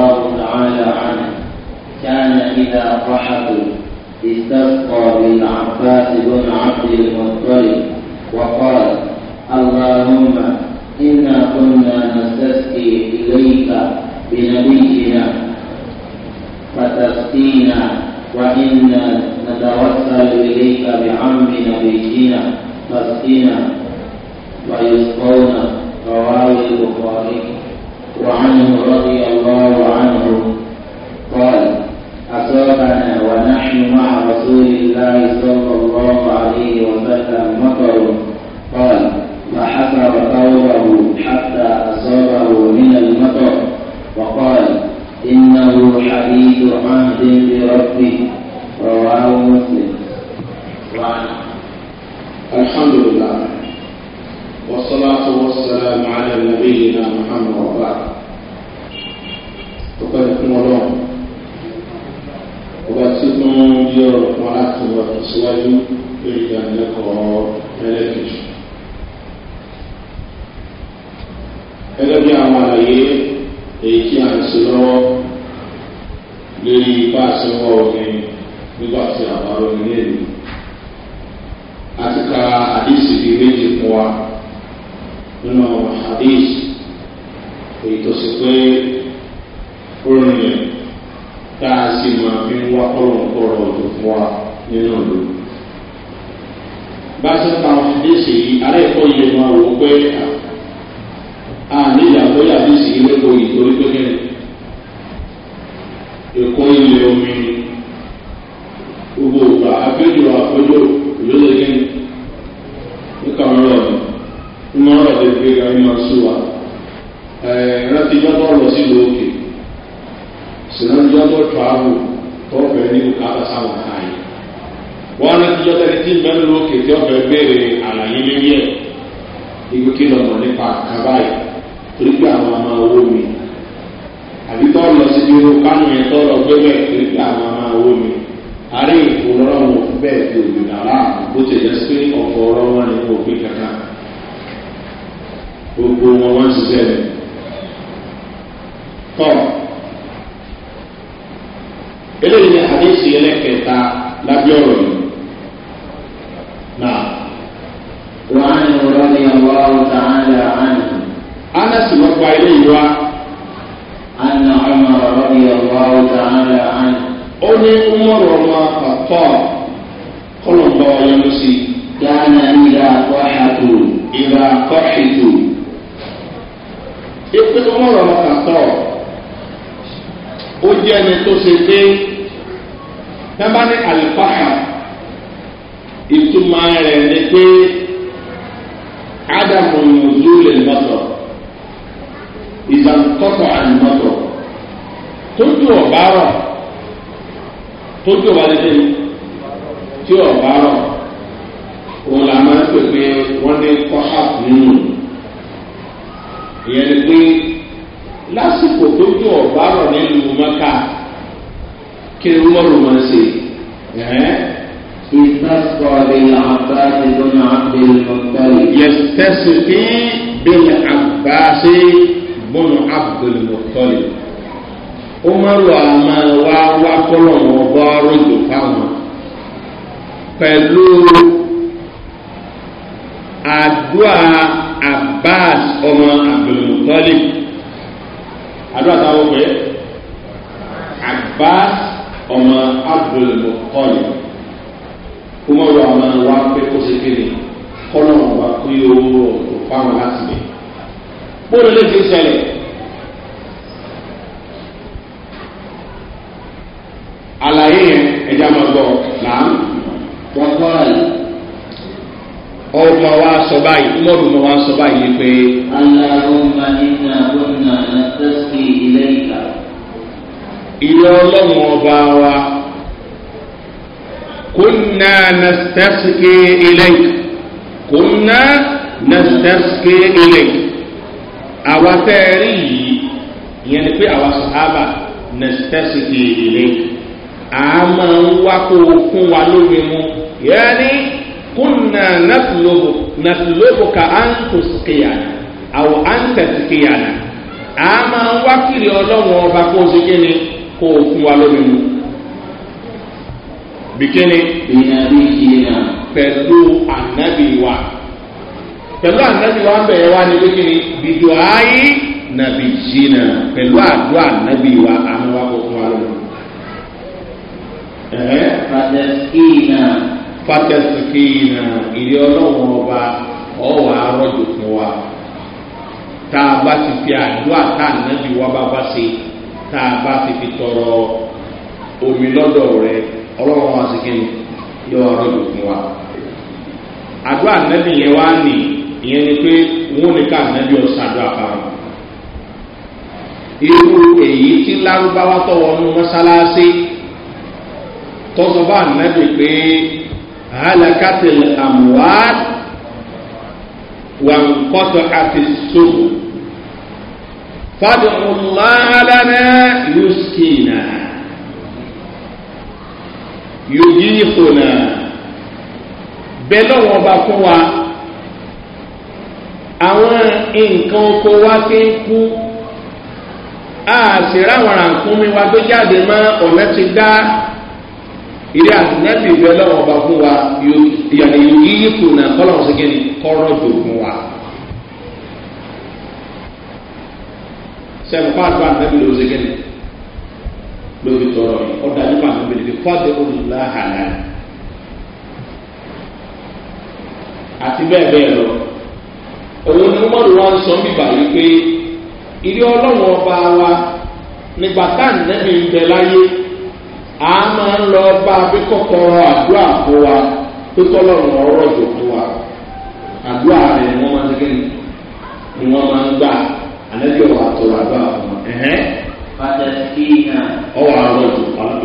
الله تعالى عنه كان إذا ضحكوا استسقى بالعباس بن عبد المطلب وقال اللهم إنا كنا نستسقي إليك بنبينا فتسقينا وإنا نتوسل إليك بعم نبينا فاسقنا ويسقون رواه البخاري وعنه رضي الله عنه قال أصابنا ونحن مع رسول الله صلى الله عليه وسلم مطر قال فحسب ثوبه حتى أصابه من المطر وقال إنه حديث عهد بربه رواه مسلم وعنه الحمد لله والصلاة والسلام على نبينا محمد وبعد وقد نورون وقد ستون ديور مرات وقصوات يريد أن يقرأ ملكش gẹ́gẹ́ bí àwọn àlàyé èyí tí a ń ṣe lọ́wọ́ lórí bá a ṣe ń wọ́ omi nígbà tí a bá lómi ní èlò àti ka àdìsí bíi méjì fún wa nínú hadith èyí tó ṣe pé orin rẹ̀ tá a sì máa fi ń wá kọ́lọ̀kọ́lọ̀ ọ̀dọ̀ fún wa nínú ìlú. bá a ṣe ta hadith yìí aláìkọ́ yìí máa wò ó pé a ní ìyàgbọ́ yàtí sí ilé kò yìí torí pé kẹ́lẹ́ èkó ilé omi ni. eléyìí ni àdéhìsí ẹlẹ́kẹta lábẹ́ ọ̀rọ̀ yìí. Náà. Wàhán ìrọ̀lẹ́ ìyàwó ọ̀tá àlẹ́ àánì. Anasi wọ́n gba eléyìí wá. Anna ọmọ ọ̀rọ̀ ìyàwó ọ̀tá àlẹ́ àánì. Ó ní Umaru ọmọ àpapọ̀ kọlọ̀bọ ọ̀yọ́nu sí. Gánà ìlà àkọ́hàtò ìlà Ìpínlẹ̀ Umaru ọmọ àpapọ̀ ó jẹ́ ẹni tó ṣe pé tábà ní àlùfáà ìtumọ̀ rẹ̀ ni pé ádámù yòózú lè mọ́tọ̀ ìzàntọ́tọ̀ àlùmọ́tọ̀ tójú ọ̀bá rọ̀ tójú ọ̀bá dédé tí ọ̀bá rọ̀ òun là máa ń pè pé wọ́n ní kọ́hà nínú ìyẹn ni pé lásìkò tójú ọ̀bá rọ̀ nílùú mọ́ká kí ni mọ́rù máa ṣe ìtàsọ̀ àbẹ̀lẹ̀ àbáṣe lọ́nà àbẹ̀lẹ̀ mọ̀tàlì. yẹ̀sítẹ́sì kí bẹ̀lẹ̀ àbáṣe bọ́nà àbẹ̀lẹ̀ mọ̀tàlì. ó mọ́rù àmà wá wá kọ́lọ̀ wọn bá rògbò fáwọn pẹ̀lú àdúrà abbas ọmọ àbẹ̀lẹ̀ mọ̀tàlì. àdúrà táwọn pẹ̀ abbas abdulmọtọyì umaru àwọn wa pé kó ṣe kéde kọ́nà wa kó yóò rọ tó fáwọn láti bẹ̀. bóyá lè fi sẹlẹ̀ àlàyé yẹn ẹja e máa gbọ́ làá wọn kọ́ ara yìí ọ̀rọ̀ ma wá sọ báyìí umaru ma wá sọ báyìí pé. aláwọ̀mọ̀ iná gómìnà náà tẹ́sí ilé ìta. ìyá ọlọ́run ọba wa. كنا نستسقي إليك كنا نستسقي إليك àwa tẹ́ ẹ rí yìí ìyẹn ni pé àwa sàhábà nẹ́sítẹ́sìkì ìlé à máa ń wá kó o fún wa lórí mu yẹ́n ní kùnà bìkíni. ìyàbí ìyà. pẹ̀lú ànábì wa pẹ̀lú ànábì wa bẹ̀rẹ̀ wá ní bìkíni bìdù ayé nàbì jìnnà pẹ̀lú àdó ànábì wa àwọn wa kò fún wa lọ. fàtẹ́sìkìnà. fàtẹ́sìkìnà ìdí ọlọ́wọ́n ọba ọ̀wà arọ́jò fún wa tá a bá ti fi àdó àtà ànábì wa bá bá ṣe tá a bá ti fi tọrọ omi lọ́dọ̀ rẹ̀ ọlọ́wọ́ wọn sì kí ni yóò wá rọ́jò fún wa. àdúrà nẹ́bí yẹn wá nì ìyẹn ni pé wọ́n ní ká nẹ́bí ọ̀sán àdúrà fáwọn. irú èyí tí lárúbáwá tọ̀wọ́ ní mọ́sálásí tọ́sọ̀bá nẹ́bí pé halakatil amuwaad wà ń kọ́tọ̀ àti sóbò. fadùn láhàlánà yòóyí ìfò náà bẹ́ẹ̀ lọ́wọ́ ọba fún wa àwọn nǹkan oko wa ti ń kú àṣírà àwọn àǹkúnmi wa tó jáde mọ́ ọ̀nà ti dá ilé àtúnẹ́bì bẹ́ẹ̀ lọ́wọ́ ọba fún wa ìyànà yòóyí ìfò náà kọ́lọ́wọ́ sí kíni kọ́rọ́ dògùn wa. sẹ́nu pàtó àtúnẹ́bì ló ń ṣe ló dọrọ tọrọ mi ọ̀dà nípa mi bèrè fi fọ́ọ̀dé olùlá àná àti bẹ́ẹ̀ bẹ́ẹ̀ lọ òun ni mọ́rù sọ bíbà yìí pé ilé ọlọ́run ọba wa nígbà tá à ń nẹ́bi ń bẹ láyé a máa ń lọ bá abíkọ̀kọ̀rọ̀ àdúrà fún wa tó jò fún wa àdúrà rẹ̀ wọ́n máa ń fún wa. فتسقينا أو عرضت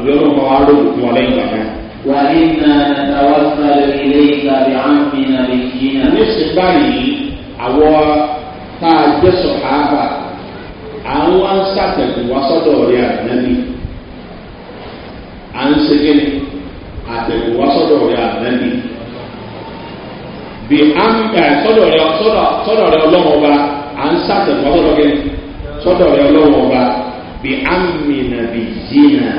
اليوم هو عرضت ولينا وإنا نتوسل إليك بعمد نبينا نفس بني أو تاج الصحابة àwọn ansátẹ̀kù wá sọ́dọ̀ rẹ̀ ànábì à ń segin àtẹ̀kù wá sọ́dọ̀ rẹ̀ ànábì bí à ń ẹ̀ sọ́dọ̀ rẹ̀ sọ́dọ̀ rẹ̀ ọlọ́wọ́ ọba à bí àmì nàbì yìnyà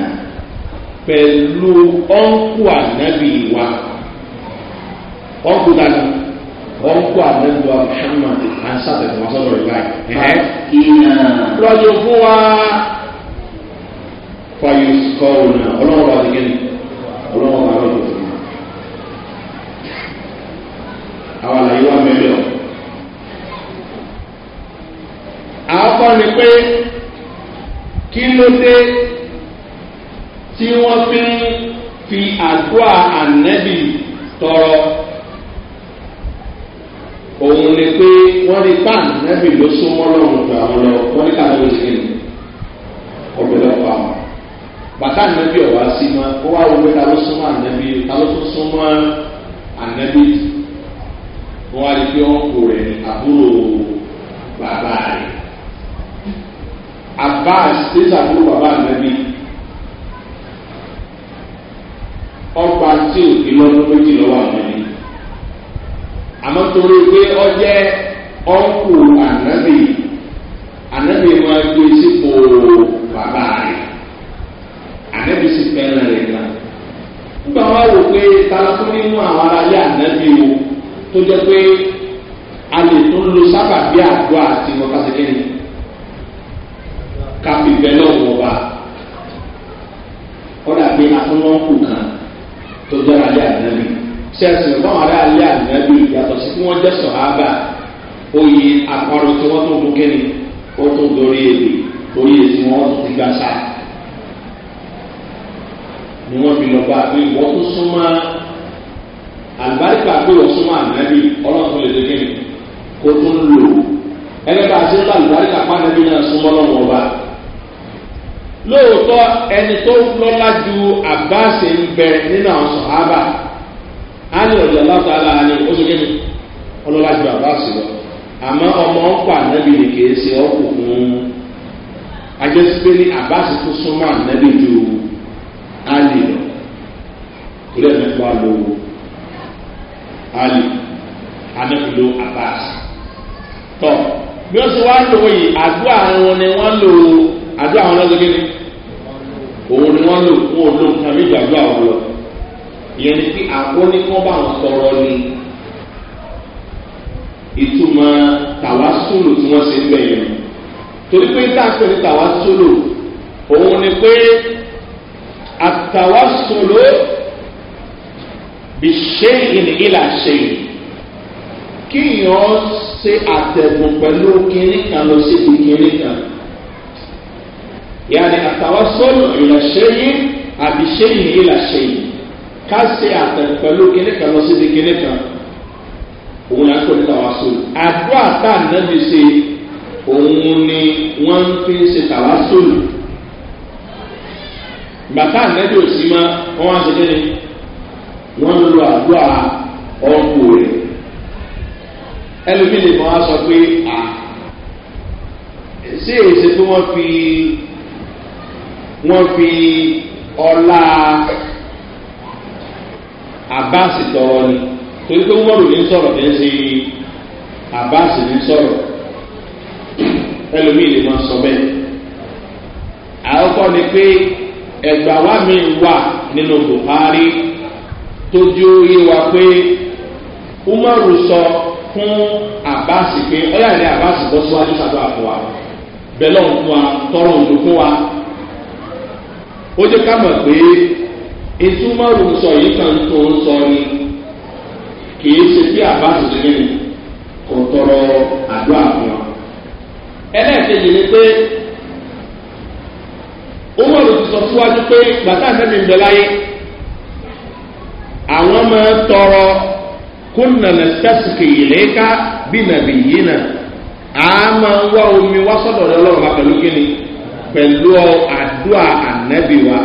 pẹ̀lú ọ̀nkù ànábì wa ọ̀nkù dání ọ̀nkù ànábì wa muhammad ansa tẹ̀sán wa sọ̀rọ̀ ìgbà yìí. ìnà lọ́jọ́ fún wa fàyè kọ́ọ̀rù náà ọlọ́wọ́ wa ti gẹ́ni ọlọ́wọ́ wa fún wa. àwọn àlàyé wa mẹ́lẹ̀ ọ̀. àwọn kọ́ pé kí ló dé tí wọ́n fi ń fi àdúrà ànẹ́bì tọrọ òun ni pé wọ́n rí pa ànẹ́bì ló súnmọ́ lọ́rùn gbà wọn lọ wọ́n ní káàdó ló sì ní ọ̀gbẹ́lọ́pọ̀ àwọn bàtà ànẹ́bì ọ̀wá sí mọ́ ó wá wọ́n pé ló súnmọ́ ànẹ́bì ta ló tún súnmọ́ ànẹ́bì wọ́n wá rí pé wọ́n kò rẹ̀ àbúrò bàbá rẹ̀ abbas tíṣà tó bàbá ànábi ọgbà tí òkè lọ́dún méjì lọ́wọ́ ànábi àmọ́ torí pé ọjẹ́ ọ̀nkù ànábi ànábi máa gbé sípò bàbá rẹ̀ ànábi sì fẹ́ràn rẹ̀ náà nígbà wọn wò pé tala tó nínú àwọn aráyé ànábi o tó jẹ́ pé a lè tún lo sábàbí àdúrà tí wọ́n bá káfí bẹ́ẹ̀ náà wọ̀ bá ọ dàbí atúnwọ́nkù kan tó jẹ́ alẹ́ ànábì sẹ́ẹ̀sì ọ̀gbọ́n alẹ́ alẹ́ ànábì yàtọ̀ sí kí wọ́n jẹ́ sọ̀hábà oyè àparò tí wọ́n tó mú kẹ́ni wọ́n tó dorí èdè orí èsì wọn tó ti gbà sáà ni wọ́n fi lọ bá pé wọ́n tó súnmọ́ àlùbáríkà pé wọ́n súnmọ́ ànábì ọlọ́run tó lè dé kẹ́ni kó tó lò ẹgbẹ́ bá a ṣe ń bá àlùbáríkà pàdánù náà súnmọ́ lọ́wọ́ ọba. lóòótọ́ ẹni tó lọ́lá ju abbas ń bẹ nínú àwọn sọ̀hábà ali ọ̀dọ̀ látara ni ó ọlọ́lá ju abbas lọ àmọ́ ọmọ ọkọ̀ ànábì ni kìí ṣe ajẹ́sípé ní abbas tó súnmọ́ ànábì ju ali lọ torí ẹ̀mí pa tọ́ bí wọ́n lò fún olóhùn tàbí ìgbàgbọ́ àwọn lọ. ìyẹn ni pé àkóníkọ́ bá wọn sọ̀rọ̀ ni ìtumọ̀ tàwa sólò tí wọ́n ṣe ń bẹ̀ yẹn. torí pé táàpẹ̀ ní tàwa sólò òun ni pé àtàwa sólò bí ṣé ìní ṣe yìí kíyàn ṣe àtẹ̀gùn pẹ̀lú kínní kan lọ sí ibi kan yàrá àtàwọ́sọ́nù ìlàṣẹ́yìn àbíṣẹ́yìn ìlàṣẹ́yìn ká ṣe àtẹ̀lẹ́ pẹ̀lú kíníkan lọ síbi kíníkan òun yàtọ̀ ní tàwọ́sọ́nù àdúrà tá à nẹ́bi ṣe òun ni wọ́n fi ń ṣe tàwọ́sọ́nù bàtà nẹ́bi òsì ma wọ́n wá ṣe kíni wọ́n lo àdúrà ọ̀pọ̀ rẹ̀ ẹlòmíì lè mọ́ wá sọ pé à ṣé èsè tí wọ́n fi wọ́n fi ọlá abáàsì tọrọ ni torí pé wọ́n rò ní sọ̀rọ̀ ní ṣe abáàsì ní sọ̀rọ̀ ẹlòmíì lè máa sọ bẹ́ẹ̀. àkọ́kọ́ ni pé ẹ̀gbà wa mi wà nínú buhari tó jó yé wa pé umaru sọ fún abáàsì pé ọ̀yà ni abáàsì bọ́ síwájú sábà fún wa bẹ́ẹ̀ lọ́n fún wa tọrọ òjò fún wa. ó jẹ́ ká mọ̀ pé ìtumọ̀rù sọ yìí kan tó ń sọ ni kì í ṣe bí àbá tuntun kò tọrọ àdúrà fún ẹlẹ́ẹ̀kejì ni pé umaru ti sọ síwájú pé bàtà sẹ́mi ń bẹ láyé àwọn máa tọrọ kúnnànà sẹ́sìkì ìlẹ́ka bí bi na. àá máa ń wá omi wá sọ́dọ̀ ọlọ́run bá pẹ̀lú pẹ̀lú àdúrà ànẹ́bí wa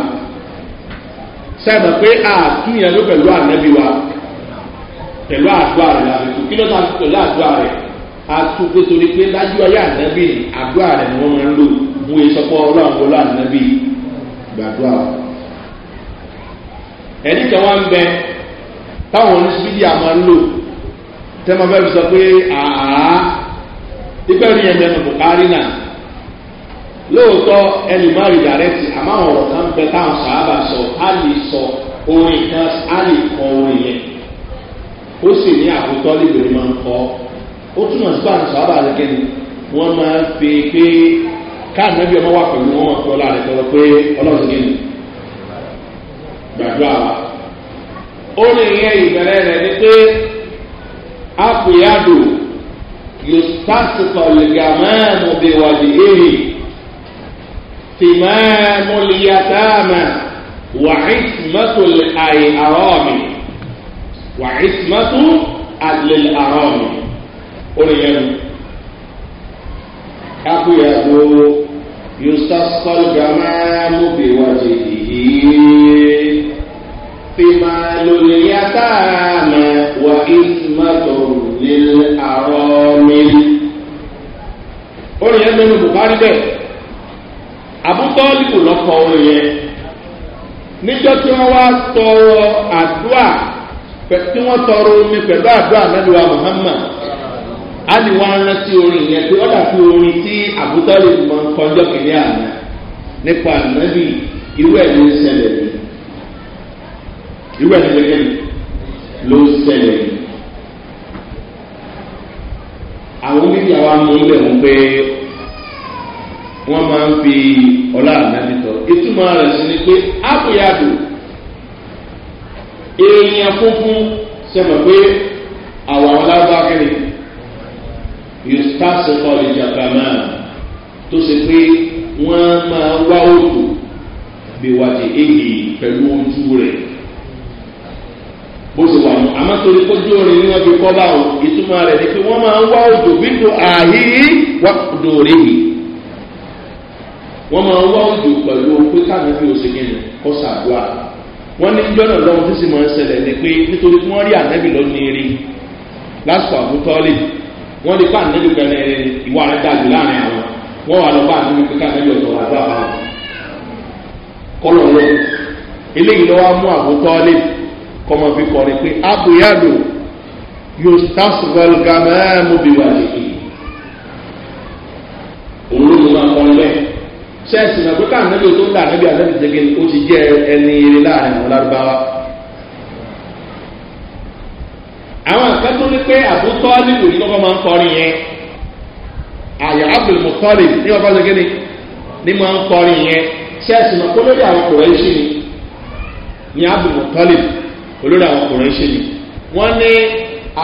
sẹ́mi pé àtúnyẹ̀ ló pẹ̀lú ànẹ́bí wa pẹ̀lú àdúrà rẹ̀ la tu kí ló ta fi pẹ̀lú àdúrà rẹ̀ atu pé torí pé lájú ayé ànẹ́bí àdúrà rẹ̀ ni wọ́n máa ń lò mú e sọ́kọ́ ọlọ́run wọlé ànẹ́bí gbàdúrà wa. ẹni kan wá ń bẹ táwọn oníṣíbíyà máa ń lò tẹ́ máa fẹ́ fi sọ pé àá ìpẹ́rù yẹn mẹ́nu bùkárí náà lóòótọ́ ẹni má rí dàrẹ́tì àmọ́ àwọn ọ̀rọ̀ kan bẹ táwọn sàábà sọ á lè sọ orin kan á lè kọ orin yẹn ó sì ní àkótọ́ lébèrè máa ń kọ́ ó túmọ̀ sí báwọn sàábà rẹ̀ kẹ́ni wọ́n máa ń fi pé káàdì náà bí ọmọ wà pẹ̀lú wọn fi ọlá rẹ̀ tọrọ pé ọlọ́run kẹ́ni gbàdúrà wa orin yẹn ìbẹ̀rẹ̀ rẹ̀ ni pé àpòyádò yóò sásìkò lè gàmẹ́ẹ̀mù bí wàdí tìmáàmù lìyàtàmà wàhísmàtò àì àrọ́ọ̀mì wàhísmàtò àlè àrọ́ọ̀mì oníyẹnu akuyàgò yusasol gàmáàmù bìwájú yìí tìmáàmù lìyàtàmà wàhísmàtò lìl àrọ́ọ̀mì oníyẹnu bùkárí bẹ́ẹ̀ àbútọ́lìbù lọ́kọ̀ ọ̀rọ̀ yẹn níjọ́ tí wọ́n wá tọrọ àdúà tí wọ́n tọrọ omi pẹ̀lú àdúà mẹ́lúwa muhammad á ní wọ́n rántí orin yẹn pé ọ̀dà fi orin tí àbútọ́lìbù máa ń kọjọ́ kìnìún àná nípa ànábì irú ẹ̀ ló ń ṣẹlẹ̀ ní irú ẹ̀ ló ń ṣẹlẹ̀ àwọn onídìí àwa mú ń pé wọ́n máa ń fi ọlá ànábì tọ́ ìtumọ̀ rẹ̀ sí ni pé ábùyàbù èèyàn funfun sẹ́mọ̀ pé àwọn alágbá kẹ́lẹ̀ yóò tásì kọ́lé jàpámà tó ṣe pé wọ́n máa wá òkú bí wàjẹ́ èyí pẹ̀lú ojú rẹ̀ bó ṣe wà mọ́ àmọ́ torí kójú orin ni wọ́n fi kọ́ báwọn ìtumọ̀ rẹ̀ ni pé wọ́n máa ń wá òjò bí do àhíhí wá dòrè yìí wọ́n máa wá òjò pẹ̀lú pé káàmì bí oṣù kìíní kọ́ sàdúà wọ́n ní jọ́nà lọ́wọ́ tí sì máa ń ṣẹlẹ̀ ni pé nítorí tí wọ́n rí ànẹ́bì lọ́dún eré lásìkò àbútọ́lì wọ́n lè pa ànẹ́bì pẹ̀lú ẹ̀rẹ́ ìwà rẹ̀ dàbí láàrin àwọn wọ́n wà lọ́ba ànẹ́bì pé káàmì ọ̀tọ̀ àdúrà bá wọn. kọ́lọ̀ eléyìí lọ́wọ́ mú àbútọ́lì kọ́mọ fi kọrin pé abuyado yóò tásùgbọ́n tẹ́ẹ̀sì náà pé káà nẹ́bí tó ń dà nẹ́bí àlẹ́bí ṣe kéde ó ti jẹ́ ẹni eré láàrin àwọn lárúbáwá. àwọn nǹkan tó ní pé àbútọ́ nílùú yìí kọ́kọ́ máa ń kọrin yẹn àyà abdulmutali ní ọba ṣe kéde ní máa ń kọrin yẹn tẹ́ẹ̀sì náà olórí àwọn kùrẹ́ṣì ni ní abdulmutali olórí àwọn kùrẹ́ṣì ni wọ́n ní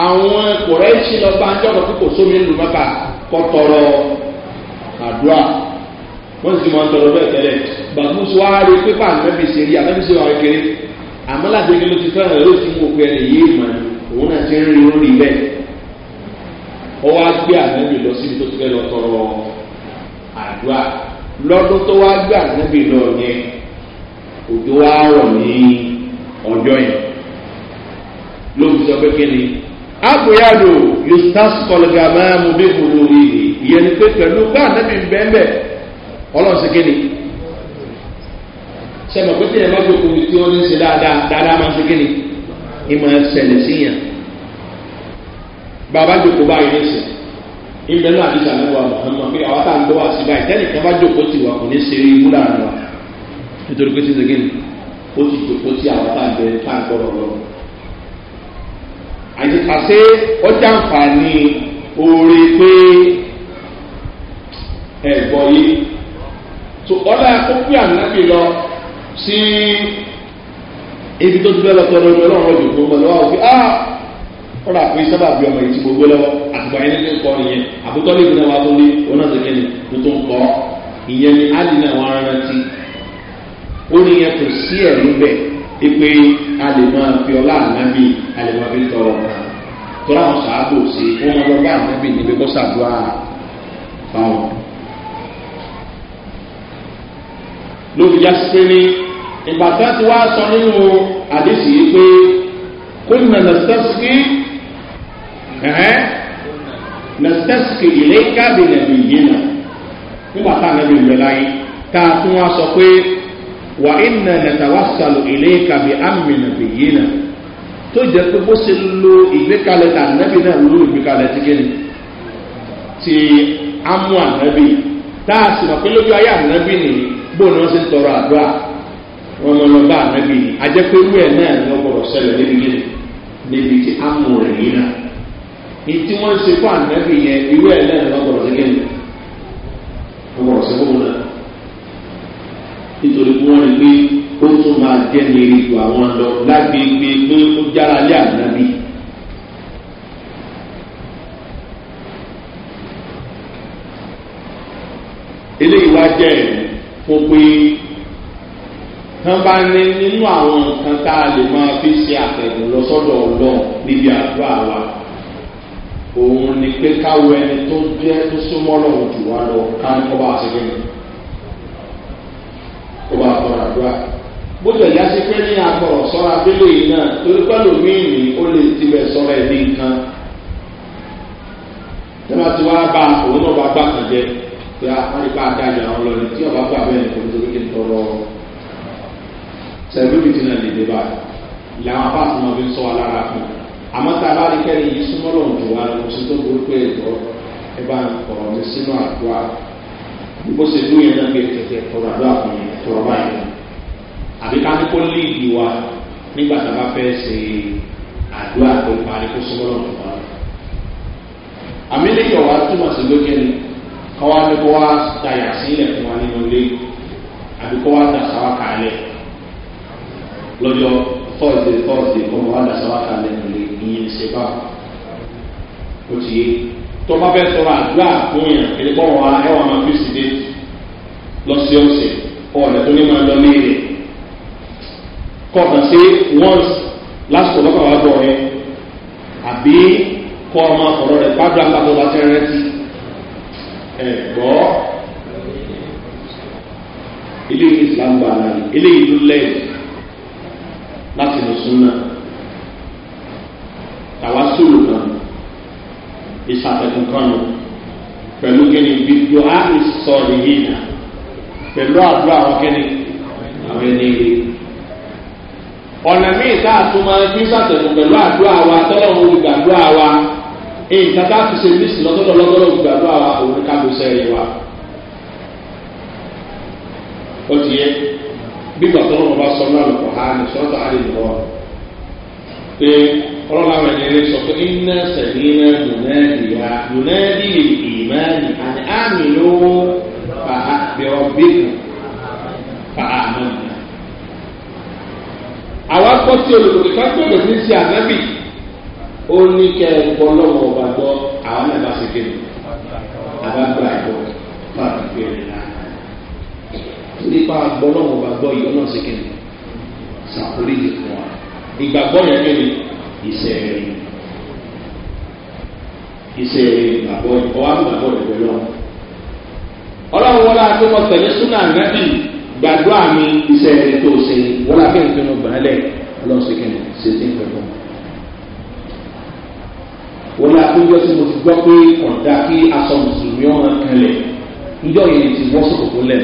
àwọn kùrẹ́ṣì lọ́ba ń jọ́kọ̀ tó kò sómi nílùú mọ́ta kọ́ tọrọ wọ́n sì ti máa ń tọrọ bẹ́ẹ̀ tẹ́lẹ̀ gbàgbó sọ ààrẹ pépà ànábì ṣe rí ànábì ṣe wà kékeré àmọ́ láti ẹgbẹ́ ló ti fẹ́ràn rẹ̀ ló ti mú òpin ẹni yìí mọ̀ òun náà ti ń rí orí bẹ́ẹ̀ ọwọ́ á gbé ànábì lọ síbi tó ti fẹ́ lọ tọrọ àdúrà lọ́dún tó wá gbé ànábì lọ yẹn òjò wá rọ̀ ní ọjọ́ yẹn ló fi sọ pé kí ni yóò sá sọlgàmáàmù bí kò lórí ìyẹn ni pé pẹ̀lú bá ànábì bẹ́ẹ̀ bẹ́ẹ̀ ọlọ́run ṣe kéde sẹ́mi pé tẹ̀yẹ̀ má gbogbo omi tí ó ní ṣe dáadáa dáadáa máa ṣe kéde ìmọ̀ ẹ̀sẹ̀lẹ̀ síyàn bàbá jòkó báyìí ní sè ìbẹ̀ náà àti sàmì wa mọ̀ pé àwọn tá à ń gbọ́ wá sí báyìí tẹ́lẹ̀ kan bá jòkó ti wà kò ní ṣe irú láàrin wa nítorí pé ṣíṣe kéde ó ti jòkó tí àwọn tá à ń bẹ tá à ń gbọ́rọ̀ lọ. àṣé ọjà àǹfààní oore pé ẹ̀gbọ́ yìí so ọlá tó pé ànábì lọ sí ibi tó ti bẹ́ẹ̀ lọ tọrọ ìwé ọlọ́run ọjọ́ gbogbo lọ́wọ́ òfin ah ọ̀rọ̀ àpè sábà bí ọmọ yìí ti gbogbo lọ́wọ́ àtìgbà yẹn ní kọ́ nìyẹn àbútọ́ lè gbìnà wa tó ní onáṣẹ́kẹ́ ni tó tó ń kọ́ ìyẹn ni á dínà wọn ara ti ó ní yẹn kò sí ẹ̀rú bẹ̀ pé a lè máa fi ọlá ànábì a lè máa fi tọrọ kan tọ́lá àwọn sàábò sí wọ́n máa lọ bá ànábì níbi kó sàdúrà fáwọn. ló fi já sí pé ìgbà tí wọ́n ti wá sọ nínú àdéhùn yìí pé kó nànà sẹ́sìkì nastasiki ileka bi nabi yina nígbà tá a nàbí ìlú láyé tá a tún wá sọ pé wà ìnà nàtàwásàlù ileka bi àmì nàbí yina tó jẹ pé bó ṣe lo ìgbékalẹ̀ tà nàbí náà ló ìgbékalẹ̀ ti kéde ti amú ànábì tá a sì mọ̀ pé lójú ayé ànábì nìyí bóun ni wọ́n ṣe ń tọrọ àdúrà wọ́n mọ lọ bá ànábì ni ajẹ́pẹ́rú ẹ̀ náà ni wọ́n gbọ́dọ̀ sẹlẹ̀ níbi yẹn níbi tí amú rẹ̀ yìí náà ìtí wọ́n ṣe fún ànábì yẹn irú ẹ̀ náà ni wọ́n gbọ́dọ̀ sí kẹ́lẹ̀ wọ́n gbọ́dọ̀ sí fún náà nítorí wọ́n rí pé ó tún máa jẹ́ ní ìrìkù àwọn lọ lágbègbè pé ó jára lé ànábì. eléyìí wá jẹ́ ẹ̀rí kó pé tán bá ní nínú àwọn nǹkan tá a lè máa fi ṣe àtẹ̀gùn lọ sọ́dọ̀ ọlọ́run níbi àdúrà wa òun ni pé káwọ ẹni tó jẹ́ tó súnmọ́ lọ́wọ́ jù wá lọ ká ní ọba àṣẹkẹ́ mi ọba àtọ̀rọ̀ àdúrà bó tilẹ̀ yá sí pé ní àkọ̀rọ̀ sọ́ra abẹ́lẹ̀ yìí náà torí pẹ́lú míì ní ó lè tibẹ̀ sọ́ra ẹ̀ nǹkan tí wọ́n ti wá bá òun náà bá gbà kàn jẹ́ Ya, wọ́n ní ká dájà wọn lọ ní tí ọba gbà bẹ́ẹ̀ ní kò nítorí kí n tọrọ sẹ́gbẹ́bí ti náà lè dé báyìí làwọn apáàtì náà fi ń sọ wa lára fún un àmọ́ tá a bá rí kẹ́rin yìí súnmọ́ lòun jù wá lọ sí tó burú pé ẹ̀tọ́ ẹ bá ń kọ̀rọ̀ mi sínú àdúrà bó ṣe dún yẹn náà gbé tètè tọrọ àdúrà fún tọrọ báyìí àbí ká ní kó líìdì wa nígbà tá a bá fẹ́ ṣe àdúrà tó parí kó súnmọ́ lòun jù wá àmì káwá ní kó wá dayà sílẹ̀ fún wa nínú ilé àbí kó wá dà sáwá kalẹ̀ lọ́jọ́ tọ́sídẹ̀ tọ́sídẹ̀ kó wá dà sáwá kalẹ̀ nílé ìyẹn ṣe bá o ti yé tó bá fẹ́ sọ̀rọ̀ àdúrà fún yàn èdè kọ́ wa ẹwà máa fi sídé lọ́sọ̀ọ̀sẹ̀ ọ̀rẹ́ tó ní máa lọ léèrè kọ̀ọ̀kan sí once lásìkò lọ́kàn wá bọ̀ yẹn àbí kọ́ ọ máa sọ̀rọ̀ rẹ̀ pàdé àgbàdo bá tẹ́rẹ́ sí. ẹ̀gbọ́ eléyìí islam gba ara rẹ̀ eléyìí ló lẹ́yìn láti lọ sún náà tàwa sòrò kan ìsàtẹ̀kùn kan nù pẹ̀lú kẹ́ni bíbí á sọ̀rọ̀ yìí nà pẹ̀lú àdúrà àwọn kẹ́ni àwọn ẹni rè ọ̀nà míì tá a tún máa fi sàtẹ̀kùn pẹ̀lú àdúrà wa tọ́lọ́run olùgbàdúrà wa. nǹkan tá a fi ṣe nísìn lọ́tọ́dọ̀ lọ́tọ́dọ̀ gbàdúrà wa òun ká ló sẹ́rẹ̀ wa. ó ti yẹ bí gbàtọ́ náà bá sọ náà lọ́kọ̀ ha ní sọ́tà á lè lọ́wọ́ pé ọlọ́run àwọn ẹni rẹ sọ pé iná sẹ̀mí náà lùnẹ́ẹ̀dì ya lùnẹ́ẹ̀dì ìmáàlì àti àmì lówó bẹ̀rọ̀ bíkù fàámà. àwa kọ́ sí olùkọ́ kí tó lè fi ṣe ànábì ó ní kẹ́ ẹ gbọ́ lọ́wọ́ ọba gbọ́ àwọn náà bá ṣe kéde àbágbà ẹ̀kọ́ pàtó péré náà nípa gbọ́ lọ́wọ́ ọba gbọ́ yìí ọlọ́run ṣe kéde sàkórí yìí fún wa ìgbàgbọ́ yẹn kéde ìṣẹ̀rẹ̀ ìṣẹ̀rẹ̀ ìgbàgbọ́ yìí ọwọ́ àgbàgbọ́ yẹn pẹ̀lú ọlọ́run wọlé àtúntò pẹ̀lú súnà àgbẹ̀bí gbàdúrà mi ìṣẹ̀rẹ̀ tó ṣe wọlé àfẹ́ǹfẹ́ náà gbàlẹ̀ ọlọ́run ṣe kéde ṣe ti ń pẹ̀lú ọmọ wọ́n yà tó jọ́sí mo ti gbọ́ pé ọ̀dà kí aṣọ mùsùlùmí ọ̀hún kanlẹ̀ níjọ́ yẹn ti wọ́ sòkòtò lẹ̀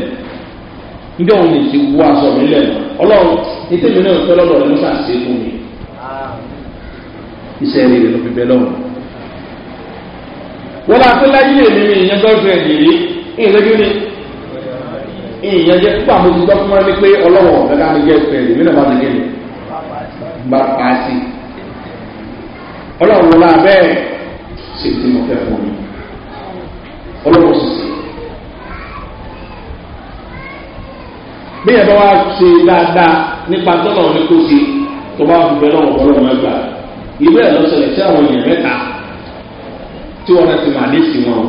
níjọ́ yẹn ti wọ́ aṣọ mi lẹ̀ ọlọ́run ní tèmi náà fẹ́ lọ́dọ̀ rẹ mọ́tà sí fún mi iṣẹ́ rere ló fi bẹ́ lọ́run. wọ́n bá tó láyé èmi mi ìyẹn gọ́ọ̀fẹ̀ẹ́dì rí ìyẹn lójú ni ìyẹn jẹ́ púpà mo ti gbọ́ fún wa ní pé ọlọ́wọ̀ ọ̀gá mi jẹ́ ọlọ́run wọlé abẹ́ ṣe tí mo fẹ́ fún mi ọlọ́run sì sí. bí ẹ bá wá ṣe dáadáa nípa tọ́lọ̀ ní kó ṣe tó bá fi bẹ́ẹ̀ lọ́wọ́ ọlọ́run ẹgbà ìwé ẹ̀ lọ́sọ̀rọ̀ tí àwọn èèyàn mẹ́ta tí wọ́n ti máa ní sí wọn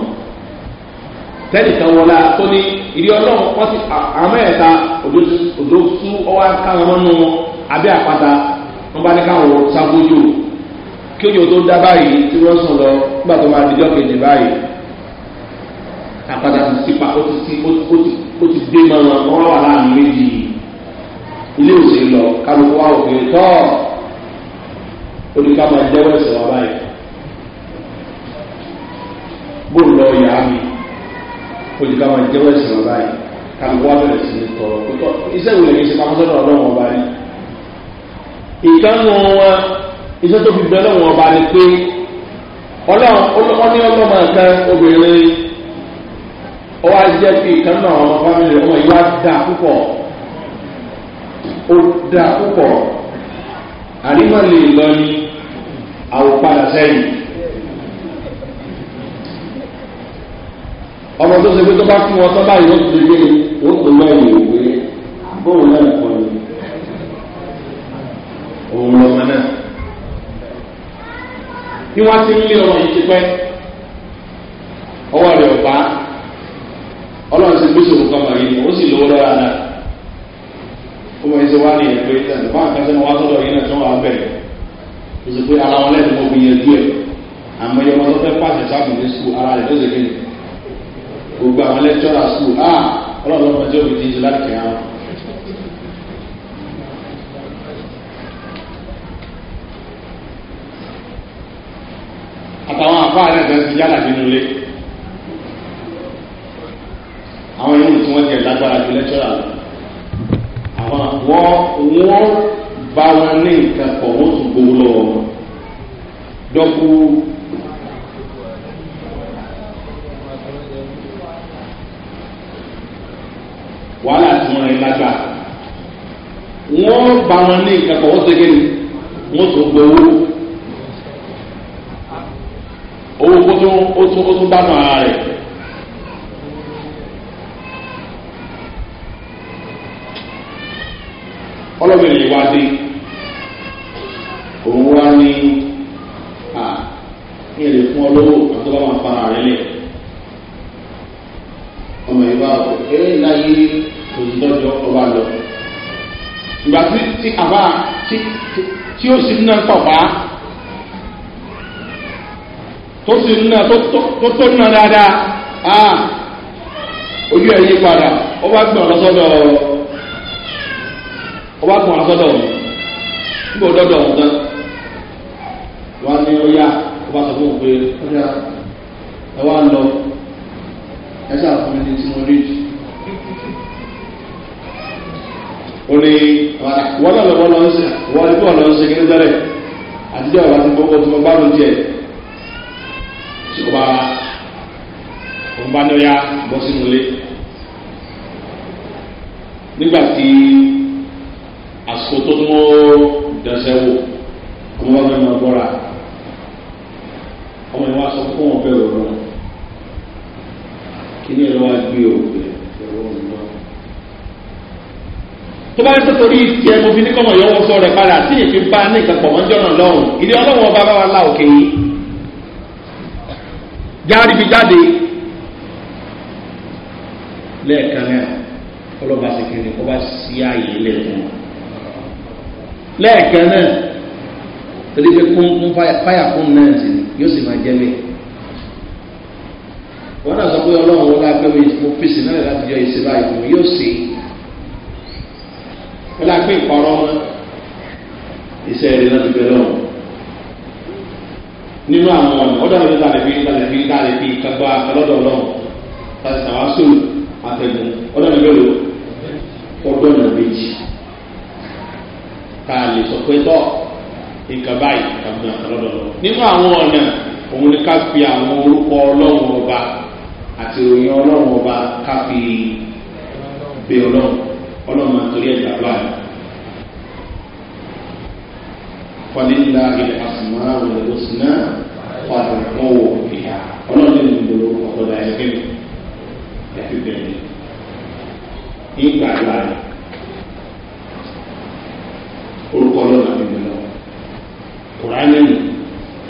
tẹ́nìkan wọlé tó ní ìdí ọlọ́run wọ́n ti àmọ́ ẹ̀ta òdó tú ọwọ́ káwọn mọ́nú wọn abẹ́ àpáta wọ́n bá ní káwọn sáfójú kí òjò tó dá báyìí tí wọ́n sùn lọ nígbà tó máa dijọ́ kejì báyìí àpàtà ti pa ó ti ó ti dé mọ́ wọn wọ́n wà láàrin méjì ilé òsè lọ kálukú wa òkè tọ́ oníkà máa jẹ́wọ́ ẹ̀sẹ̀ wa báyìí bó lọ yàá mi oníkà máa jẹ́wọ́ ẹ̀sẹ̀ wa báyìí kálukú wa bẹ̀rẹ̀ sí ní tọrọ iṣẹ́ ìwé lè ṣe pàmò sọ́dọ̀ ọlọ́run ọba ìkànnù wọn iṣẹ́ tó fi bẹ lọ́wọ́ ọba ni pé ọlọ́run ní ọlọ́mọ kan obìnrin ọwọ́ ajẹ́ pé ìkan náà ọmọ fámìlì ọmọ yìí wá dà púpọ̀ ó dà púpọ̀ àríwá lè lọ ní àwòpadà sẹ́yìn. ọmọ tó ṣe pé tó bá fún ọ tó báyìí ó gbé ó tó lọ ìwé pé bóun náà kọ ni òun lọmọ náà tí wọ́n ti ń lé ọ̀rọ̀ yìí ti pẹ́ ọwọ́ rẹ̀ ọ̀bá ọlọ́run ti gbèsè òkú kọ́mọ̀ yìí ó sì lówó lọ́ra náà ó mọ̀ ẹsẹ̀ wá ní ẹ̀ pé ẹ̀sẹ̀ fún àkàtà ni wọ́n tọ́lọ̀ yìí náà tí wọ́n wà bẹ̀rẹ̀ ó sì pé ara wọn lẹ́nu mọ̀ gbìyànjú díẹ̀ àmọ́ ẹ̀yọ́ wọn tó fẹ́ pàṣẹ sáàmù ní skul ara rẹ̀ lọ́sẹ̀ kí ni gbogbo àwọn lẹ́tọ́rà skul ah ọlọ́run lọ́mọdé òbí ti ṣe láti kẹ́ àwọn. ní ti yálà nínú ilé àwọn yìí tí wọ́n jẹ lágbára ju lẹ́tọ́rà lọ àwọn wọ́n wọ́n bá wọn ní nǹkan pọ̀ wọ́n tún gbowó lọ́wọ́ wọn dọ́kú. wàhálà tí wọ́n rìn lágbà wọ́n bá wọn ní nǹkan pọ̀ wọ́n tún gbowó. ó tún bá nù ara rẹ̀. ọlọ́run lè wá dé òun wá ní à ní èrè fún ọ lówó àti bá máa fara rẹ lẹ ọmọ ìwà ẹ láyé òǹdọ́jọ́ ọba lọ ìgbà tí àbá tí ó sì ń náà pàpà tó sì ń nà tó tó nà dáadáa a ojú ẹ̀ yí padà ó bá gbọ̀n lọ́sọ́dọ̀ ó bá gbọ̀n lọ́sọ́dọ̀ òun níbo dọ́dọ̀ òun tán ó yá ó bá sọ fún òun pé ó yá ẹ wá lọ ẹ sáà ní tí mo rí jù orí wọ́n náà lọ́wọ́ lọ́wọ́ ń ní bí wọ́n lọ́wọ́ kí ní tẹ́lẹ̀ àtijọ́ ìwà ti gbogbo tó mo lójú ẹ̀ ọba ọba ní ọya bọ́ sínú ilé nígbà tí àsìkò tó tún ọmọ yẹn wá sọ fún wọn bẹ́ẹ̀ rọrùn kí ni gbé òkè ẹ̀rọ òmùmá. tó bá yẹ kó torí tiẹ̀ mo fi ní kọ́mọ̀ yọ̀wọ́ sọ rẹ̀ padà tí èyí fi bá ní ìkàpọ̀ mọ́jọ́ náà lọ́rùn ìdí ọlọ́wọ́ bá bá wa la òkè yìí jáde fi jáde lẹ́ẹ̀kan náà ọlọ́ba ṣe kiri kó bá sí ààyè lẹ́ẹ̀kan lẹ́ẹ̀kan náà torí pé kún kún fáyà kún náà sì yóò sì máa jẹ́ bẹ́ẹ̀ wọ́n náà sọ pé ọlọ́run wọlé agbẹ́wò mo fèsì náà láti yọ ìṣe báyìí fún mi yóò ṣe wọ́n lápé ìpọ́nrọ́ mọ́ iṣẹ́ ìrìnà ti bẹ̀rẹ̀ ọ̀hún nínú àwọn ọ̀nà ọ̀dọ̀ àwọn ìdílé àlebi àlebi àlebi kagbá kalọ́dọ̀ ọlọ́run tàbí sàwásù àtẹ̀gùn ọ̀dọ̀ àwọn ìbẹ̀rù ọ̀dọ̀ ọ̀nà méjì ká lè sọ pé tọ́ nǹkan báyìí kagbá kalọ́dọ̀ ọlọ́run nínú àwọn ọ̀nà òun ni ká fi àwọn orúkọ ọlọ́run ọba àti ìròyìn ọlọ́run ọba ká fi pe ọlọ́run ọlọ́run máa torí ẹ̀dá báyìí. فلله الأسماء الحسنى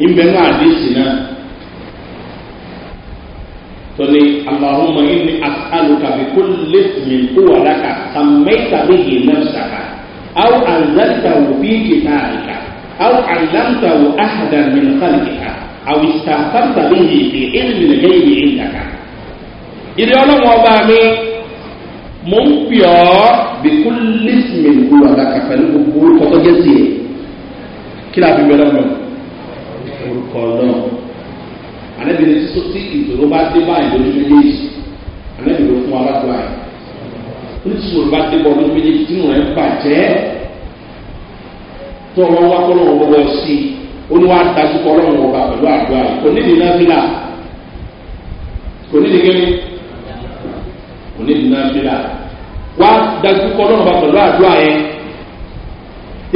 ìmẹ̀nú àdéhìí náà tọ́ni aláhùnmọ́ yìí ni alùkàbí kó lè mi kó wà láka sàmẹ́tàbí yìí náà sàkà aw anzaltahu fi kitabika aw allamtahu ahadan min khalqika aw istafarta bihi fi ilmi al-ghaybi indaka ìdí ọlọ́mọ ọba mi mo ń pè ọ́ bí kú lísìmì kó wà láka pẹ̀lú gbogbo kọ́kọ́ jẹ́ tiẹ̀ kí ni a fi gbẹ́dọ̀ mọ́ orúkọ náà anábìrin tí sọ́tí ìṣòro bá dé báyìí lójú méjèèjì anábìrin ló fún aládùn àyè oníṣòro bá dé bọ́ lójú méjèèjì tí wọ́n ń bàjẹ́ tó ọmọ wa kọ́ lọ́wọ́ wọ́wọ́ sí i ó ní wàá dájú kọ́ lọ́wọ́ wọ́wọ́ pẹ̀lú àdúrà yìí kò nídìí náà fílà kò nídìí kí ni kò nídìí náà fílà wàá dájú kọ́ lọ́wọ́ pẹ̀lú àdúrà yẹn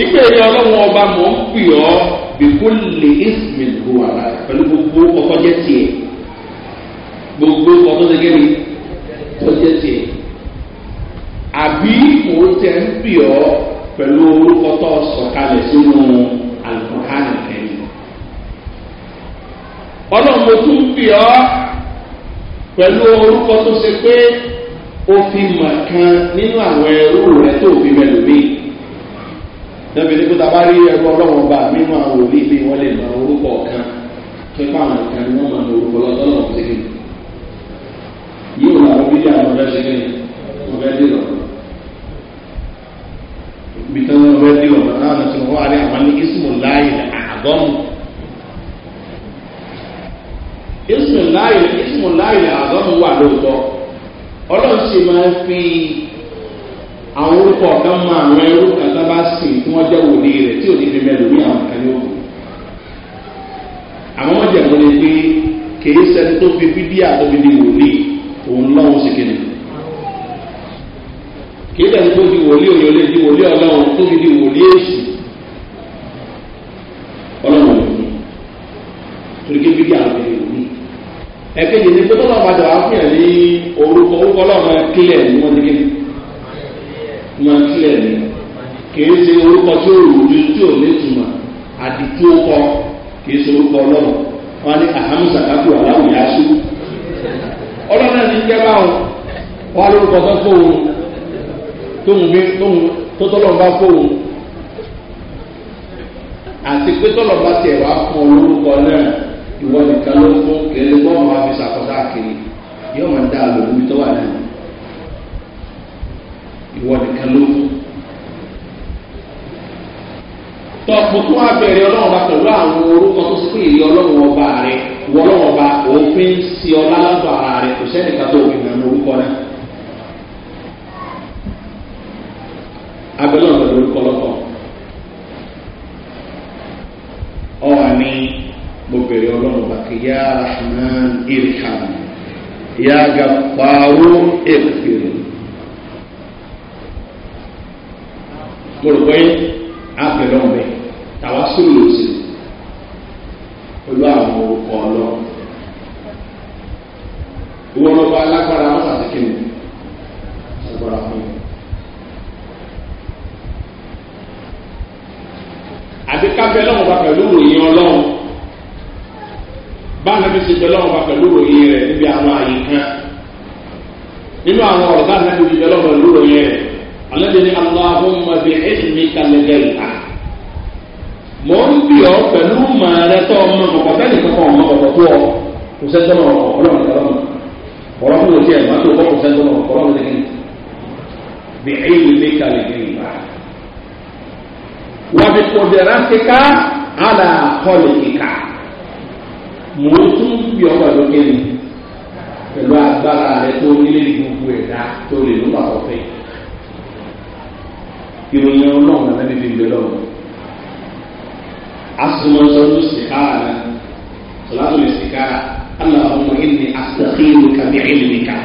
ìpè ní ọlọ́wọ́ ọba mò ń pè ọ́ bikulli ismin huwa laka pẹ̀lú gbogbo ọkọ jẹ́ tiẹ̀ gbogbo ọkọ tó ṣe gé mi tó jẹ́ tiẹ̀ àbí òun tẹ̀ ń pì ọ́ pẹ̀lú orúkọ tó sọ̀kalẹ̀ sínú alùpùpù kẹ́yìn ọlọ́run mo tún pì ọ́ pẹ̀lú orúkọ tó ṣe pé ó fi nínú àwọn ẹrú rẹ tó fi mẹ́lòmíì níbi tí kúta bá rí ẹrú ọlọ́wọ́n bá mímú àwọn òbí bí wọ́n lè lọ orúkọ kan tó ipá àwọn ìkan ni wọ́n máa lo orúkọ lọ́tọ́lọ́ ṣẹ́gi yóò lọ àwọn bídí àwọn ọ̀dọ́ ṣẹ́gi wọ́n fẹ́ dé lọ. ibi tí wọ́n fẹ́ dé lọ náà ti wọ́n wá rí àwọn ní ismu láàyè àgọ́mù. ismu láàyè ismu láàyè àgọ́mù wà lóòótọ́ ọlọ́run sì máa ń sìn tí wọ́n jẹ́ wòlíì rẹ̀ tí ò ní fi mẹ́lò ní àwọn kan yóò kù. àmọ́ wọ́n jẹ̀ wọlé pé kèé sẹ́ni tó fi bídíà tó fi di wòlíì òun lọ́wọ́ sí kíni. kèé sẹ́ni tó fi wòlíì òyìn olè di wòlíì ọlọ́run tó fi di wòlíì èsì ọlọ́run òun torí ké bídíà ló fi di wòlíì. ẹ̀kejì ni pé tó náà padà wá fún yàn ní orúkọ orúkọ ọlọ́run kílẹ̀ ni wọ́n ti kíni. wọ́n kílẹ̀ ni kìí ṣe orúkọ tí ó rújú tí ò létùmọ̀ àdìtú kọ kìí ṣe orúkọ ọlọ́run wọn ní ahamu sakaku aláwọ̀ yá sú ọlọ́run náà ti jẹ́ báwọn wọn lórúkọ tó fóun tóun bí tóun tó tọ́lọ́ bá fóun àti pé tọ́lọ̀ bá tiẹ̀ wá fún olórúkọ náà ìwọ nìkan ló fún kéré bọ́ọ̀mù máa fi yóò máa dá lórí tó wà náà ìwọ nìkan ló fún. tọ́pọ̀ tó wá bẹ̀rẹ̀ ọlọ́run bá pẹ̀lú àwọn orúkọ tó sì rí ọlọ́run ọba rẹ̀ wọ ọlọ́run ọba òfin sí ọlá lọ́dọ̀ ara rẹ̀ kò sẹ́nìkan tó òfin mẹ́rin orúkọ náà. abẹ́lẹ́ ọ̀dọ̀ lórúkọ lọ́kọ̀ ọ̀wà ní mo bẹ̀rẹ̀ ọlọ́run ọba kì yá rahman irham yá gàpàrú èkìrì. mo rò pé abẹ́lẹ́ ọ̀dọ̀ àkólòsì pẹ̀lú àwọn orúkọ ọlọ́ ìwọ lọ́ba alágbára mọ́tà ti kéwì agbára fún mi. àti kábẹ́ lọ́wọ́ bá pẹ̀lú ìròyìn ọlọ́run báńkì mi ti bẹ bá pẹ̀lú ìròyìn rẹ̀ níbi àwọn àyè kan nínú àwọn ọ̀rọ̀ báńkì mi ti bẹ pẹ̀lú ìròyìn rẹ̀ alẹ́ ni aláhùn mọ̀ bí ẹ̀sìn mi kalẹ̀ gẹ̀rì. ìmọ̀ rẹ tó ọmọ kọ̀kọ́ fẹ́ẹ́ nìkan kan ọmọ kọ̀kọ́ tó ọ kò sẹ́ńtọ́ náà ọ̀kọ́ ọlọ́run nìkan lọ́mọ ọ̀rọ̀ fún òkè ẹ̀ máa tó kọ́ kò sẹ́ńtọ́ náà ọ̀kọ́ ọlọ́run nìkan bí ẹ̀yìn mi kà lè gbìn bá. wà á fi kọ̀dẹ̀rà kíkà àlà kọ́lì kíkà mò ń tún bí ọkọ̀ lókè ni pẹ̀lú agbára rẹ tó nílé gbogbo ẹ̀dá tó lè ló bàtọ̀ fẹ́ ìròyìn ọlọ́run asùnmọ̀ sọ́dún sìkára rẹ̀ sọ́dún sìkára aláwọ̀ ẹni asàkíyèmí kàbí ẹ̀lẹ́mìkà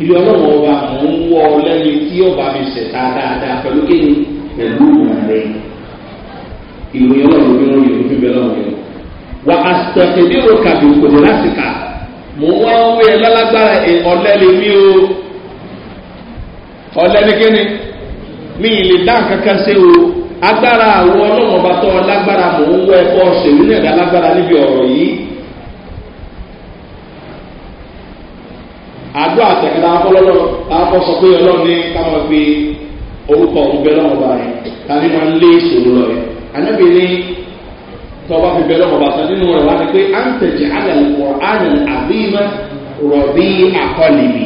ìlú ọlọ́wọ́ ọba mò ń wọ ọ lẹ́ni tí ọba mi sẹ̀ta dáadáa pẹ̀lú kí ni pẹ̀lú ìwà rẹ̀ ìròyìn ọlọ́run bí wọ́n yòó fi bẹ́ẹ̀ lọ́wọ́ yẹn. wà á sàkébí ro kàbí òkòdè láti kà mò ń wá wé ẹ lálágbára ọ̀lẹ́ni mi o ọ̀lẹ́ni kí ni mi ì lè ṣe o. agbára àwọn ọlọ́run ọba tó lágbára mò ń wọ ẹ̀kọ́ ṣèlú náà lágbára níbi ọ̀rọ̀ yìí. àdó àtẹ̀kẹ́lá afọlọ́lọ́ afọ pé ọlọ́run ní káwọn gbé orúkọ òun lọ́wọ́ ọba rẹ̀ tàbí máa lé ìṣòro lọ rẹ̀. ànábì ní tọ́ba fi lọ́wọ́ sọ nínú rẹ̀ wá ni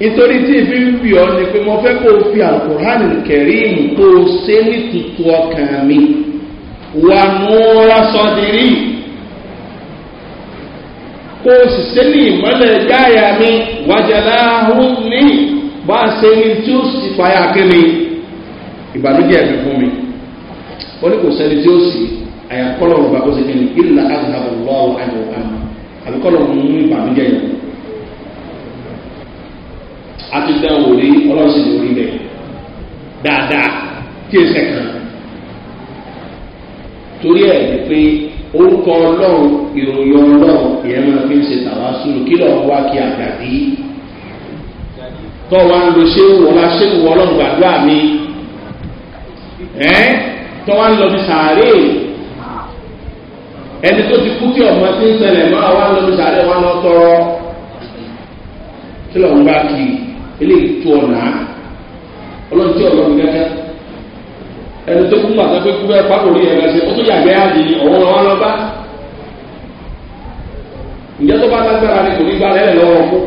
nítorí tí ìfi ń bì ọ́ ni pé mo fẹ́ kó o fi àkùránì kẹ̀rìm tó o ṣe ní tuntun ọkàn mi wà múra sọdírí kó o sì ṣe ní ìmọ̀lẹ̀ jáyà mi wájàlá ọ̀hún ní bá a ṣe ní tí ó sì fàyà kíni ìbànújẹ́ ẹ̀mí fún mi wọ́n ní kò sẹ́ni tí ó sì àyàkọ́lọ̀ ọ̀gbà ó ṣe kíni ìlà àgbà ọ̀lọ́wọ́ àyẹ̀wò àmì àbíkọ́lọ̀ ọ̀hún ní ìbànújẹ́ yẹn àti dáwò rí ọlọ́sìn lórí rẹ̀ dáadáa kí ẹsẹ̀ kan torí ẹ̀ ni pé orúkọ ọlọ́run ìròyìn ọlọ́run ìyẹn máa fi ń ṣe tàwa sùúrù kí lọ́ọ̀ wá kí àgbàdì tọ́ wa ń lo ṣé wọlá ṣé wọ́ ọlọ́run gbàdúrà mi ẹ́ tọ́ wa ń lọ bí sàárè ẹni tó ti kú kí ọmọ ti ń sẹlẹ̀ máa wá ń lọ bí sàárè wa lọ tọrọ kí lọ́ọ̀ ń kí i eléyìí tó ọ̀nà ọlọ́run tí ọ̀nà gẹ́gẹ́ ẹni tó kún gbàgbé pé kúbẹ́ pákòrí ẹ̀rọ ṣe ó tó yàgbé àdì ọ̀wọ́ wọn lọ bá ǹjẹ́ tó bá lágbára ni kò ní gbà lẹ́lẹ̀ lọ́wọ́ kú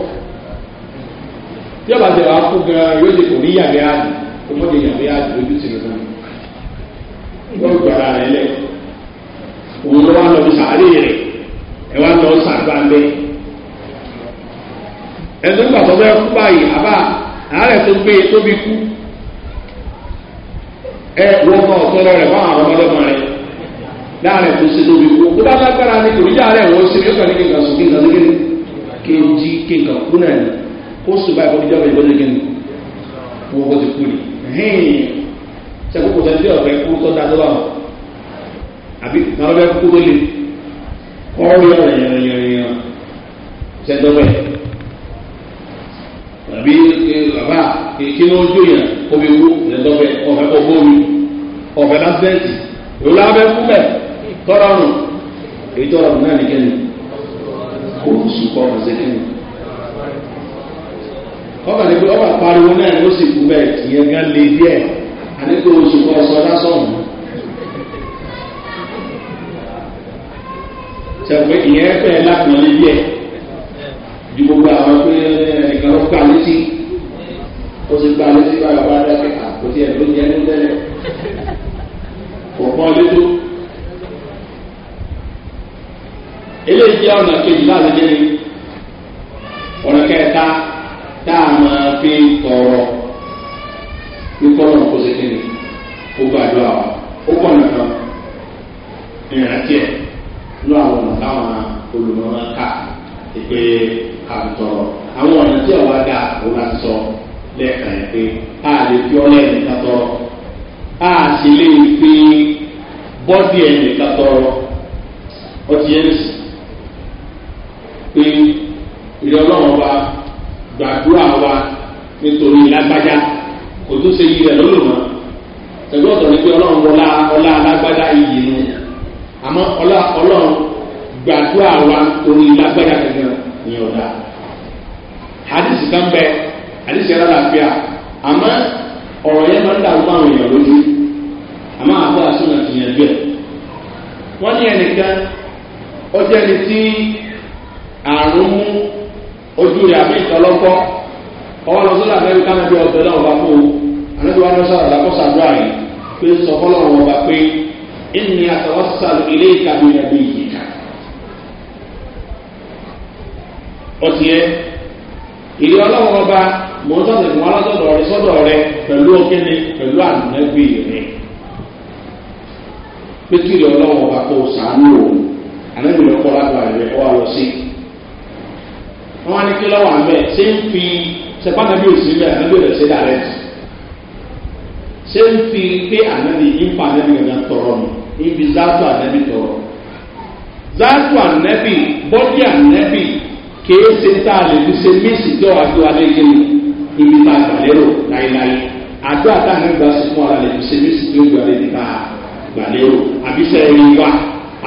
tí ọba tẹ̀ wá kú gan-an yóò ṣe kò ní yàgbé àdì kó mọ́tò yàgbé àdì lójú ti rẹ̀ wọ́n gbàrà ẹ̀sùn gbà tó bẹ́ẹ̀ kú báyìí àbá àárẹ̀ tó gbé e tóbi kú ẹ wọ́n mọ ọ̀tọ́rọ̀ rẹ̀ fáwọn àwọn ọmọdé rẹ̀ láàrẹ̀ tó ṣe tóbi kú tó bá lágbára ní kò níjà rẹ̀ wọ́n ṣe ní ọ̀kan ní kíkan sùn kíkan lókè kéjì kíkan kú náà ni kó sùn báyìí kó níjà bẹ́ẹ̀ lókè kíkan wọ́n kó ti kú ni sẹ́kókò sẹ́ńtì ọ̀fẹ́ kú tó dáa tó bá wọn àbí kàwọn bẹ́ẹ̀ kú tó lé kọ́ ọ́ yọ̀rọ̀ yọ̀rọ̀ yọ̀rọ̀ sẹ́ńtì ọ̀fẹ́ àbí bàbá kí ló ń jó yẹn omi wú lẹ́dọ́fẹ́ ọ̀fẹ́ kọ́ bómi ọ̀fẹ́ lásìlẹ́ǹtì òun lábẹ́ fún bẹ́ẹ̀ tọ́ra nù èyí tọ́ra nù náà nìkẹ́ni kó o sùn kọ́ ọ̀fẹ́ sẹ́kẹ́ni. ọba ní pé ọba pariwo náà ló sì kú bẹ́ẹ̀ ìyẹn gan le díẹ̀ àní kó o sùn kọ́ ọ̀sọ́ lásọ̀nù. sẹ́wọ̀n ìyẹn fẹ́ẹ́ lápọ̀ ní díẹ̀. eléyìí jẹ́ ọ̀nà kejì láti jẹ́ ni. pé ilé ọlọ́run wa gbàdúrà wa nítorí lágbájá kò tún ṣe yí rẹ̀ lọ́lọ́mọ́ ẹgbẹ́ ọ̀tọ̀ ni pé ọlọ́run wọlá ọlá lágbájá iyì nu àmọ́ ọlá ọlọ́run gbàdúrà wa nítorí lágbájá kankan ní ọ̀dà àdìsí kan bẹ àdìsí ẹ̀rọ làbíà àmọ́ ọ̀rọ̀ yẹn máa ń dàrú èèyàn lójú àmọ́ yẹn wọ́n ní ẹnìkan ọjọ́ ẹni àrùn mú ojú rẹ̀ àmì ìtọ́lọ́kọ́ ọwọ́ lọ sọ́dọ̀ amẹ́ríkà náà bí ọ̀dọ́ náà wà kó anájọba náà sọ̀rọ̀ àdàkọ́ sàdúrà rẹ̀ pé sọ fọ́lọ́ wọn wà pé ẹnì àtàwọ́sàlù ilé ìkàbí ẹ̀bí ìyíká. ọtí ẹ ìlú ọlọ́wọ́ ọba mò ń sọ̀tẹ̀ fún alásọ̀dọ̀ rẹ sọ́dọ̀ rẹ pẹ̀lú ọkẹ́ni pẹ̀lú ànúnẹ́gbì rẹ pétúrì ọlọ́wọ́ ọba kó sàánú òun ànẹ́gbẹ̀rẹ̀ kọ́ wọn ní kí lọ́wọ́ àmì ẹ̀ ṣé ń fi sẹ́pàtà bí òsì bẹ́ẹ̀ àná bẹ̀rẹ̀ ṣe dàrẹ́ ṣé ń fi pé ànábi ìfà ànábi gàgà tọrọ nù ibi záàtù ànábi tọrọ záàtù ànábi bọ́dí ànábi kìí ṣe tá a lè fi ṣe míìsì tó wà tó alẹ́ yé mi ibi tá a gbà lérò láéláé àdó àtàwọn ìgbà sí fún ara lè fi ṣe míìsì tó gbà lè níta gbà lérò àbí sẹ́yìn wá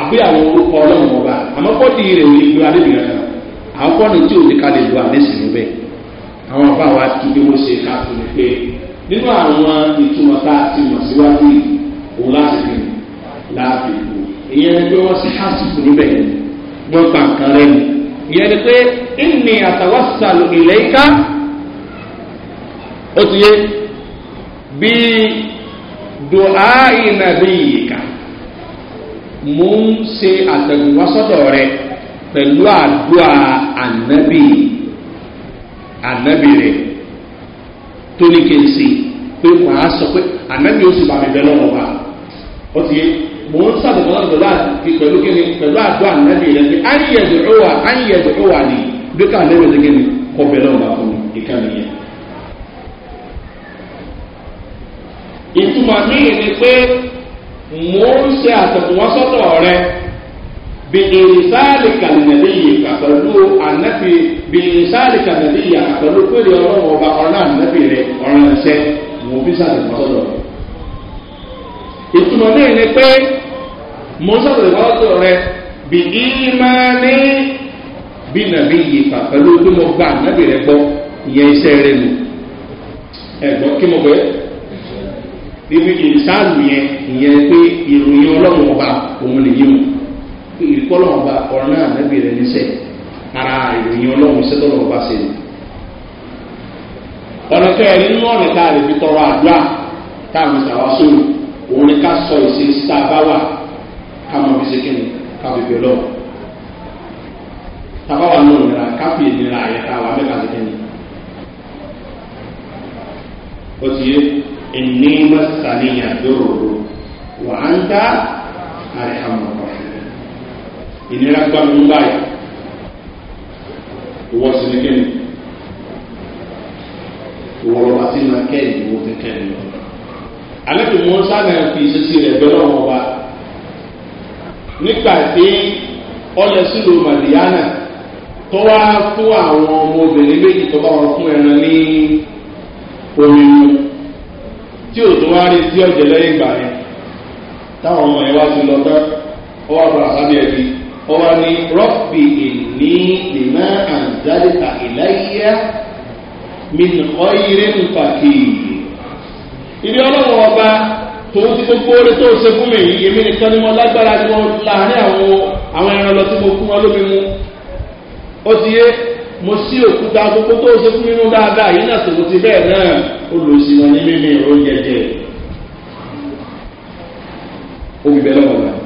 àbí àwọn orúkọ ọlọ́run ọba àmọ́ bọ́dí rẹ̀ ò àwọn kọ́ni tí ò ní ká lè lo àdéhùn níbẹ̀ àwọn bá wa tún bí wọ́n ṣe ká fún mi pé nínú àwọn ìtumọ̀ tá a ti mọ̀ síwájú yìí òun láti fi láàbì ìlú ìyẹn ni pé wọ́n ṣe hásìkò níbẹ̀ wọ́n gbà nǹkan rẹ̀ ni ìyẹn ni pé ìní àtàwọ́sàlù ilẹ̀ ìka ó ti yé bí dùhà ìnàbí ìka mò ń ṣe àtẹ̀gùn wá rẹ̀ pẹ̀lú àdúrà ànábì ànábì rẹ̀ tó ní kí n sè pé màá sọ pé ànábì ó sì bá mi bẹ́ lọ́wọ́ wa ó ti yé mò ń sàbẹ̀kọ́ láti pẹ̀lú pẹ̀lú kí ni pẹ̀lú àdúrà ànábì rẹ̀ pé áyẹ̀dù ọ̀wà áyẹ̀dù ọ̀wà ni bí ká ànábì rẹ̀ kí kọ́ bẹ́ lọ́wọ́ wa fún ìkànnì yẹn. ìtumọ̀ míì ni pé mò ń ṣe àtẹ̀kùnwọ́sọ́tọ̀ rẹ̀ bìrìsálìkà nàbíyì kà pẹ̀lú ànábì bìrìsálìkà nàbíyì kà pẹ̀lú péré ọlọ́wọ́ ọba ọ̀rọ̀ ànábì rẹ̀ ọ̀rọ̀ ẹ̀ṣẹ́ mo fi sàlùmọ́ sọ̀rọ̀ rẹ̀. ìtumọ̀ náà ni pé mo sàlùmọ́ sọ̀rọ̀ rẹ̀ bí ìmánì bí nàbíyì kà pẹ̀lú pé mo gba ànábì rẹ̀ gbọ́ ìyẹn iṣẹ́ rẹ̀ nù ẹ̀gbọ́n kí mo bẹ́ẹ̀ níbi ìsáàlù yẹn ìyẹn pé ìròyìn ọlọ́run ọba òun nìyí mu ìkọlọ̀ ọba ọ̀rọ̀ náà nẹ́bí rẹ̀ níṣẹ́ ara ìròyìn ọlọ́run iṣẹ́ tọ́lọ̀ ọba ṣe ni. ọ̀nà kẹrin nínú ọ̀nà tá a lè fi tọrọ àdúrà tá a mẹ́ta wá sóòrò òun ni ká sọ ìṣe síta bá wà ká mọ fi ṣe kí ni ká fi bẹ̀ lọ́wọ́. tábà wà nínú ìnira ká fi ìnira àyẹ̀ká wà mẹ́ta ṣe kí ni. ó ti yé ẹni mẹ́sàn-án yàtọ̀ rò wà á ń dá àrẹ̀hàmọ̀ ọ̀rẹ́ ìnira gbà mí báyìí ìwọ sí ní kẹ́ni ìwọ lọ́ba sí ní kẹ́ni ìwọ ti kẹ́ni lọ. alẹ́ tó mọ sáà náà fi ìṣesí rẹ̀ bẹ́ẹ̀ lọ́wọ́ ọba nígbà tí ọlẹ sílò màdìyánà tó wá fún àwọn ọmọbìnrin méjì tó bá wọn fún ẹran ní orí wọn tí ò tó wá rí sí ọ̀jẹ̀ lẹ́yìn ìgbà yẹn táwọn ọmọ yẹn wá ti lọ tán ó wà fún bíi ọba ni rọ́bì ìní ìmọ̀ àǹdálẹ́ta ìláyà mìnìkọ́ irin pàkì. ìdí ọlọ́run ọba tó ti gbogbo orí tó ṣe fún mi yìí èmi nìkan ni mo lágbára ni mo láàrin àwọn àwọn ẹran lọ tí mo fún wọn lómi mu. ó ti yé mo sí òkúta gbogbo tó ṣe fún mi nú dáadáa yìí náà sòkò ti bẹ́ẹ̀ náà ó lò sí wọn ní mímí ìró jẹjẹ. ó fi bẹ́ẹ̀ lọ́wọ́ náà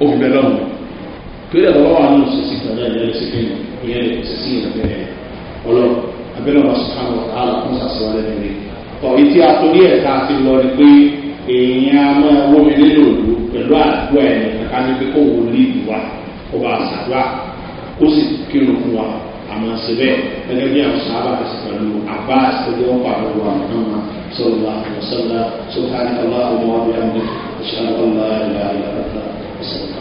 ó fi bẹ lọ́nà torí ẹ̀ lọ́wọ́ àwọn òṣèṣì gbàdá ìyẹn lè ṣe kí ni ìyẹn lè ṣe sí ìyẹn bẹ́ẹ̀ ọlọ́run abẹ́lẹ́ wọn sùn káwọn ọ̀tá fún sàṣìwá lẹ́nu rí ọ̀ etí atorí ẹ̀ ká fi lọ ni pé èèyàn a máa wó mi nínú òdu pẹ̀lú àdúrà ẹ̀ kàkà ní pé kó wò lé ìwà kó bá a sàdúrà kó sì kírun fún wa àmọ́ síbẹ̀ gẹ́gẹ́ bí àwọn sábà ti pẹ̀lú abbas tó jẹ́ ọ̀pá pẹ̀lú àwọn ọmọ sọ̀rọ̀ àwọn sọ̀rọ̀ sọ̀rọ̀ àwọn ọmọ wa bí i àwọn ọmọ ìṣàlọ́ ọ̀la ìlà ìlà ìlà. Christ.